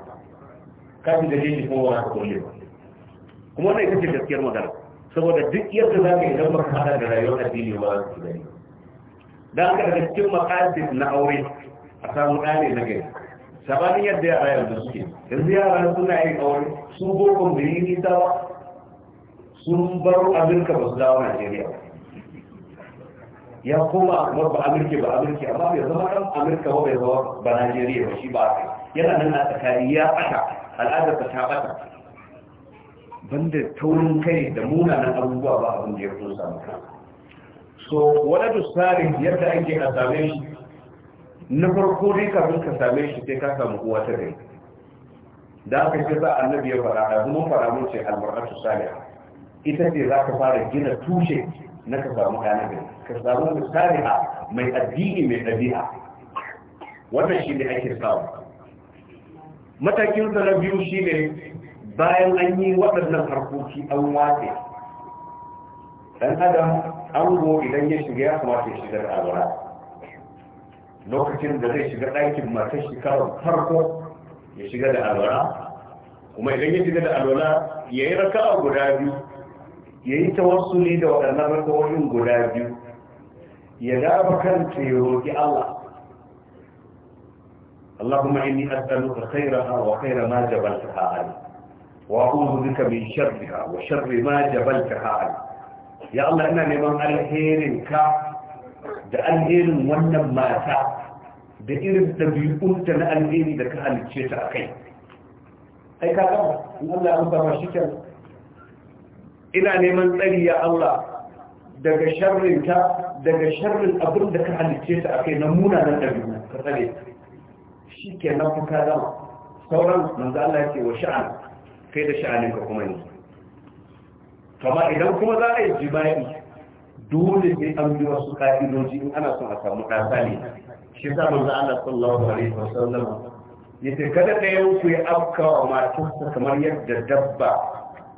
kafin da jeji kuma ba ka kulle ba kuma wannan ita ce gaskiyar magana saboda duk yadda za ka yi don baka hada da rayuwar addini ba su gani da aka daga cikin makasin na aure a samu ɗane na gari sabanin yadda yara yanzu suke yanzu yara suna yin aure su boko da yi nisa sun baro amurka ba su dawo najeriya ya koma kuma ba amurka ba amurka amma bai zama kan amurka ba bai zama ba najeriya ba shi ba yana nan na tsakani ya ɓata al'adar ta ɓata banda taurin kai da munanan abubuwa ba abin da ya samu maka so wani tsarin yadda ake a same shi na farko dai kafin ka same shi sai ka samu uwa ta gari da aka ce za nabi ya fara da zuma fara mun ce almar'atu salihah ita ce za ka fara gina tushe na ka samu ɗana gari ka samu salihah mai addini mai ɗabi'a wannan shi ne ake samu matakin da na biyu shi ne bayan an yi waɗannan harkoki an wace, ɗan adam ango idan ya shiga ya kamata ya shiga da abara lokacin da zai shiga ɗakin matar shekarar farko ya shiga da alwala kuma idan ya shiga da alwala ya yi raka'a guda biyu ya yi ta wasu ne da waɗannan rakawoyin guda biyu ya gaba kanta ya roƙi Allah اللهم إني wa خيرها ma ما جبلتها عليه وأعوذ min من wa وشر ما جبلتها علي يا الله إنا نمان الهيرين كا da alherin wannan mata da irin ɗabi'unta na alheri da ka halicce ta a kai ai ka gama in Allah an sama shi ina neman tsari ya Allah daga sharrinta daga sharrin abin da ka halicce ta a kai na munanan ɗabi'u ka tsare shi na ka zama. sauran manzo Allah ya ce wa sha'an kai da sha'aninka kuma ne kama idan kuma za a yi jima'i dole ne an bi wasu ka'idoji in ana son a samu ɗasa ne shi sa manzo Allah sallallahu alaihi wasallam ya ce kada ɗayan ku ya afka wa matarsa kamar yadda dabba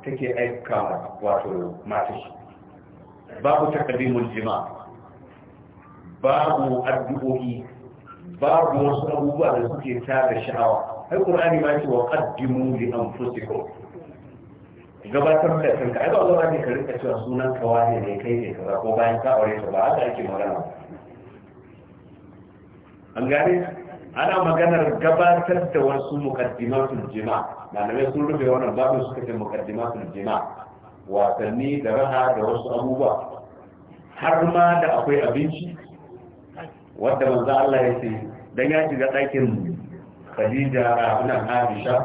take aika wato matu babu taqdimul jima babu addu'o'i babu wasu abubuwa da suke tada sha'awa ai qur'ani ma ce wa qaddimu li anfusikum gabatar da kanka ai ba Allah ne ka rinka cewa sunan ka wani ne kai ne kaza ko bayan ka aure ta ba haka ake magana an gane ana maganar gabatar da wasu muqaddimatul jima malamai sun rufe wannan babu suka ce muqaddimatul jima wasanni da raha da wasu abubuwa har ma da akwai abinci wadda manzo Allah ya ce dan ya shiga ɗakin khadija nan aisha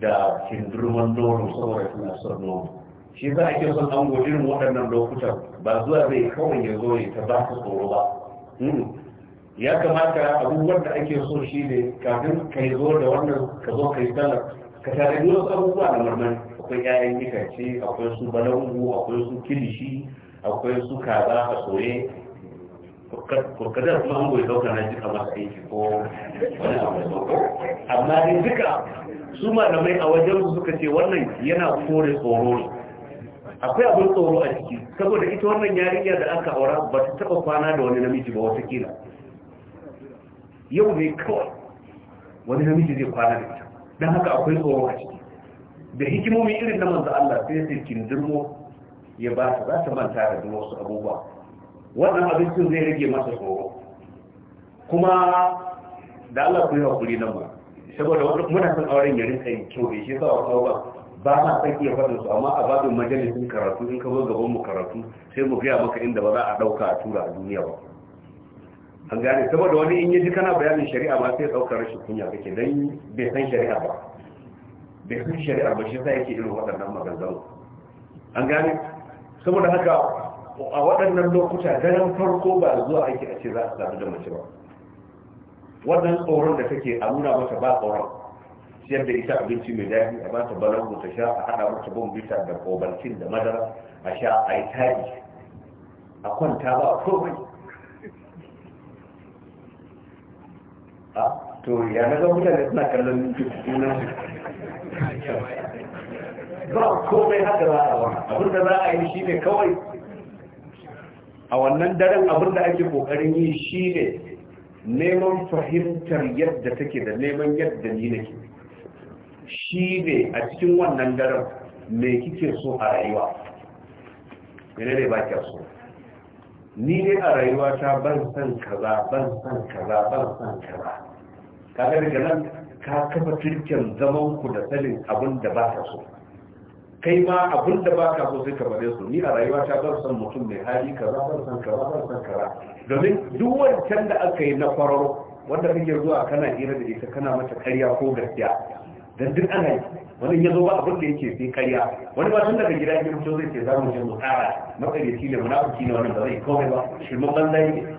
da kindurman nono saboda suna son shi za a ke son an irin waɗannan lokutan ba zuwa zai kawai ya zo ya ta ba ka tsoro ba hmm. ya kamata abubuwan da ake so shi ne kafin ka yi zo da wannan ka zo ka yi ka tare da wasu abubuwa da marmari akwai 'ya'yan itace akwai su balangu akwai su kilishi akwai su kaza a soye kurkadar kuma an goyi dauka na jika masu aiki ko wani abu da sauko amma dai duka su malamai a wajen su suka ce wannan yana kore tsoro ne akwai abin tsoro a ciki saboda ita wannan yarinya da aka aura ba ta taba kwana da wani namiji ba wata kila yau ne kawai wani namiji zai kwana da ita don haka akwai tsoro a ciki da hikimomi irin na manzo Allah sai sai kindirmo ya ba ta za ta manta da wasu abubuwa wannan abincin zai rage masa tsoro kuma da Allah ku yi hakuri nan ba saboda muna son auren yarin kai yin kyau bai shi sa kawo ba ba sa san iya faɗin su amma a babin majalisun karatu in ka zo gaban mu karatu sai mu gaya maka inda ba za a ɗauka a tura a duniya ba an gane saboda wani in yaji kana bayanin shari'a ba sai ɗaukar rashin kunya kake dan bai san shari'a ba bai san shari'a ba shi sa yake irin waɗannan maganganu an gane saboda haka a waɗannan lokuta ganin farko ba zuwa aiki a ce za a samu da mace ba wannan tsoron da take a nuna mata ba tsoron siyar da ita abinci mai daɗi a bata balon ta sha a haɗa mata bombita da kobaltin da madara a sha a yi taɗi a kwanta ba a komai to ya na zama mutane suna kallon junan su ba komai haka za a wani abinda za a yi shi ne kawai a wannan daren abin da ake kokarin yi shi ne neman fahimtar yadda take da neman yadda ni nake ne a cikin wannan daren me kike so a rayuwa mene ne ba kya so ni ne a rayuwa ta ban san kaza ban san kaza ban san kaza ga daga nan ka kafa tirken zaman ku da sanin abin da ba ka so kai ma abin da ba ka sai ka bare su ni a rayuwa ta ban san mutum mai hali kaza ban san kaza ban san kaza domin duk wancan da aka yi na fararo wanda kake zuwa kana hira da ita kana mata karya ko gaskiya dan duk ana yi wani ya zo ba abin da yake sai karya wani ba tun daga gida gidan zai ce za mu je mu tsara makaryaci ne munafiki ne wannan ba zai komai ba shi mun banza ne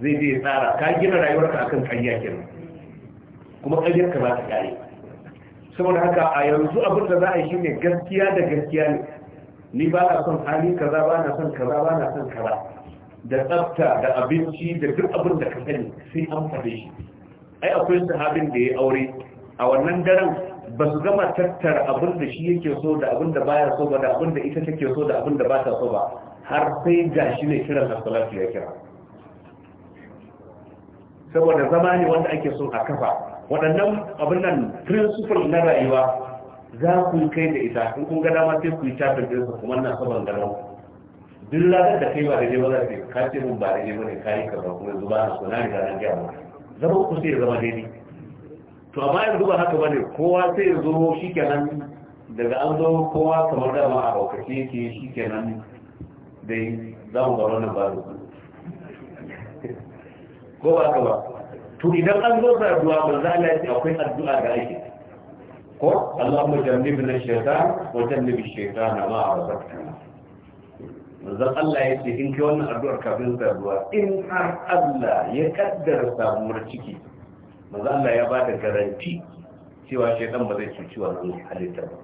zai je tsara ka gina rayuwarka akan karya kenan kuma karyar ka za ta kare saboda haka a yanzu abin da za a yi shi ne gaskiya da gaskiya ne ni ba na son hali kaza ba na son kaza ba na son kaza da tsafta da abinci da duk abin da ka sani sai an faɗe shi ai akwai sahabin da ya aure a wannan daren ba su gama tattara abin da shi yake so da abin da baya so ba da abin da ita take so da abin da ba ta so ba har sai ga shi ne kiran salatu ya kira saboda zama ne wanda ake so a kafa waɗannan abin nan principle na rayuwa za ku kai da ita in kun gada ma sai ku yi da ɗinsa kuma na saban gado. duk ranar da kai ba da ba za ka ka ce mun ba da ba ne yi ka ba kuma zuba na suna riga na gaya maka zama ku sai ya zama daidai to amma in zuba haka bane kowa sai ya zo shi kenan daga an zo kowa kamar dama a haukace yake shi kenan dai za mu ga wannan ba ko ba ka ba to idan an zo da addu'a manzo Allah ya ce akwai addu'a da ake ko Allahumma jannibna shaytan wa jannib shaitan ma razaqtana manzo Allah ya ce in kai wannan addu'ar kafin ka addu'a in har Allah ya kaddar samuwar ciki manzo Allah ya ba da garanti cewa shaitan ba zai cuci wannan halitta ba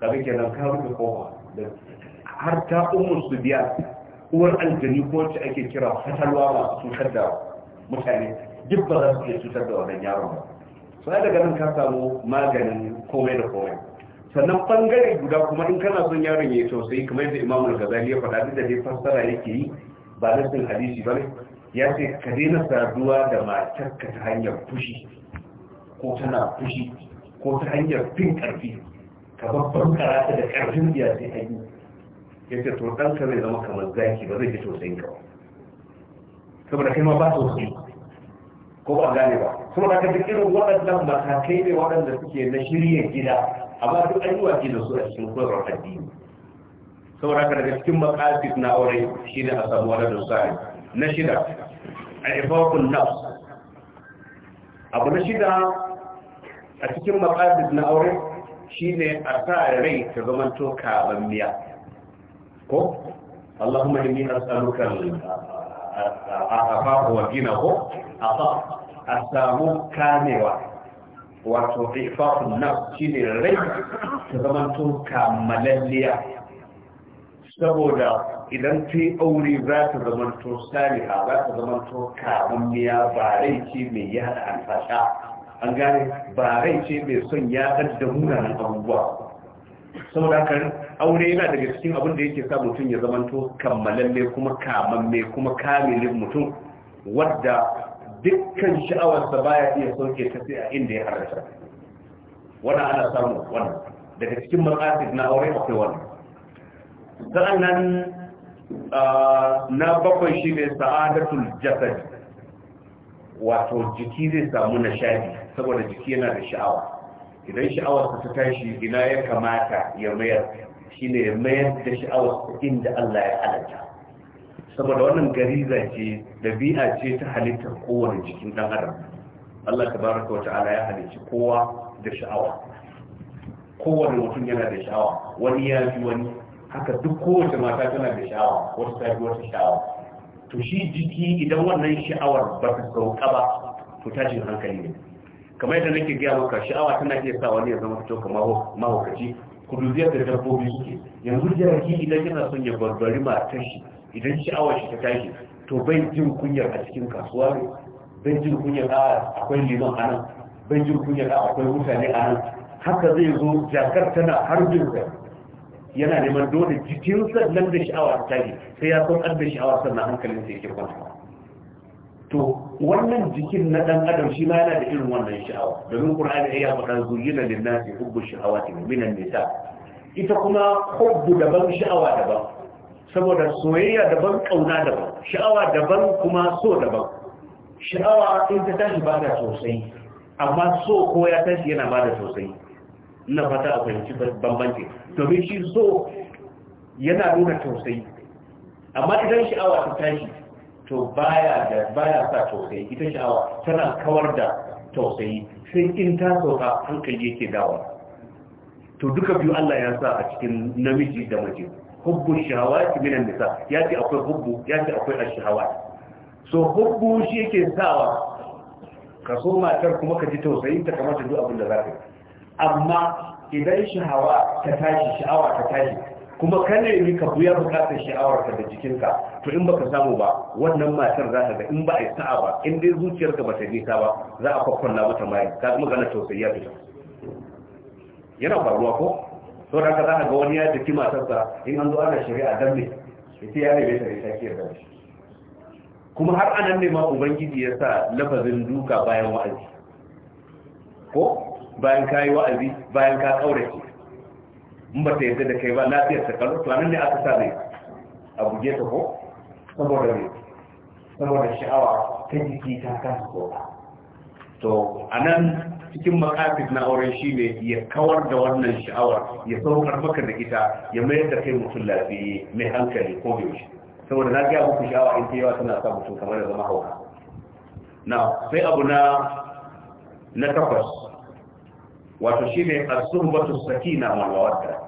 kaga kenan ka rufe kowa da har ta su biya uwar aljani ko wacce ake kira fatalwa ba cutar da mutane Jibba za su iya cutar da wannan yaron ba sai daga nan ka samu maganin komai da komai sannan bangare guda kuma in kana son yaron ya yi tausayi kamar yadda imamu al-ghazali ya faɗa duk da dai fassara yake yi ba na sun hadisi ba ne ya ce ka daina saduwa da matarka ta hanyar fushi ko tana fushi ko ta hanyar fin ƙarfi ka babban karata da ƙarfin biya sai an yi ya ce to ka zai zama kamar zaki ba zai ji tausayin ka ba saboda kai ma ba tausayi ko ba gane ba kuma ka kaji irin waɗannan matakai ne waɗanda suke na shirya gida amma duk an yi watsi da su a cikin koyarwar addini saboda haka daga cikin makasid na aure shi ne a samu wani dusari na shida a ifakun nafs abu na shida a cikin makasid na aure shi ne a sa rai ta to kaban miya ko Allahumma inni as'aluka al-afafa wa a afafa a samu kamewa wato ifafin na shi ne rai ta zama tun kamalalliya saboda idan ta yi aure za ta zama to sariha za ta zama to kamunniya ba rai ce mai yada alfasha an gane ba rai ce mai son ya da munanan abubuwa saboda haka aure yana daga cikin abin da yake sa mutum ya zama to kamalalle kuma kamamme kuma kamilin mutum wadda dukkan sha'awarsa baya iya sauke ta sai a inda ya harrasa wannan ana samu wannan daga cikin maqasid na aure akwai wannan sa'annan na bakwai shi ne sa'adatul jasad wato jiki zai samu nishadi saboda jiki yana da sha'awa idan sha'awarsa ta tashi ina ya kamata ya mayar shine mayar da sha'awarsa inda Allah ya halatta saboda wannan gariza ce dabi'a ce ta halittar kowane cikin dan adam Allah tabaraka wa ta'ala ya halicci kowa da sha'awa kowane mutum yana da sha'awa wani ya fi wani haka duk kowace mata tana da sha'awa wata ta fi wata sha'awa to shi jiki idan wannan sha'awar ba ta sauka ba to tashin hankali ne kamar yadda nake gaya maka sha'awa tana iya sa wani ya zama fito kamar mahaukaci duziyar da dabbobi suke yanzu jiraki idan yana son ya barbari matar shi idan sha'awar shi ta tashi to bai jin kunyar a cikin kasuwa ne bai jin kunyar a akwai liman a nan bai jin kunyar a akwai mutane a nan haka zai zo jakar tana harbin ka yana neman dole jikinsa nan da sha'awa ta tashi sai ya san an da sha'awa sannan hankalin sai yake kwanta to wannan jikin na dan adam shi ma yana da irin wannan sha'awa domin qur'ani ya faɗa zuyina lin-nasi hubbu shahawati minan nisa ita kuma hubbu daban sha'awa daban saboda soyayya daban kauna daban sha'awa daban kuma so daban sha'awa in ta tashi ba da sosai amma so ko ya tashi yana ba da sosai na fata a fahimci bambanci domin shi so yana nuna tausayi amma idan sha'awa ta tashi to baya da baya sa tausayi ita sha'awa tana kawar da tausayi sai in ta sauka hankali yake dawa to duka biyu Allah ya sa a cikin namiji da mace hubbun shahawati minan nisa ya ce akwai hubbu ya ce akwai ashahawati so hubbu shi yake sawa ka so matar kuma ka ji tausayi ta kamar ta duk abin da za ka amma idan shahawa ta tashi sha'awa ta tashi kuma ka ni ka buya bukatar sha'awarka da jikinka to in baka samu ba wannan matar za ka ga in ba a yi sa'a ba in dai zuciyarka ba ta nisa ba za a kwakwanna mata maye ka kuma gana tausayi ya fita yana faruwa ko sau ka za a ga wani ya jiki matarsa in an zo ana shari'a dan ne ya ce ya rabe ta ya shakiyar da shi kuma har anan ne ma ubangiji ya sa lafazin duka bayan wa'azi ko bayan ka yi wa'azi bayan ka kaurace in ba ta yadda da kai ba lafiyar ta kalu to anan ne aka sa mai a buge ta ko saboda me, saboda sha'awa ta jiki ta kasa ko to anan cikin makasif na auren shi ne ya kawar da wannan sha'awar ya saukar maka da ita ya mayar da kai mutum lafiye mai hankali ko yaushe saboda na gaya muku sha'awa in yawa tana sa mutum kamar da zama hauka na sai abu na na takwas wato shi ne asubatu saki na mawadda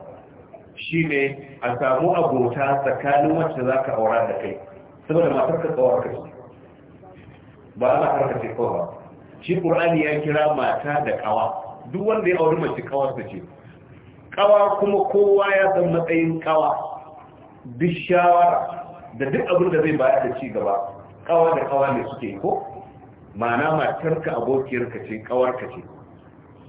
shi ne a samu abota tsakanin wacce za ka aura da kai saboda matar ka tsawar ka ba ana harkar ce kawai shi ƙurani ya kira mata da kawa duk wanda ya auri mace ta ce kawa kuma kowa ya san matsayin kawa duk shawara da duk abin da zai bayar da ci gaba kawa da kawa ne suke ko ma'ana matarka abokiyarka ce ka ce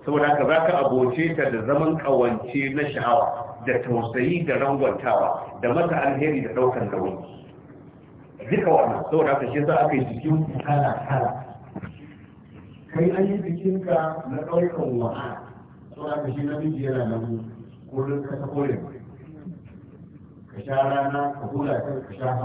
saboda haka za ka aboce ta da zaman kawance na sha'awa da tausayi da rangwantawa da mata alheri da daukan da wani duka wannan saboda haka shi za a yi jikin kala kala kai an yi ka na ɗaukar wa'a so aka shi miji yana mu kullum ka ta kore ka sha rana ka hula ka sha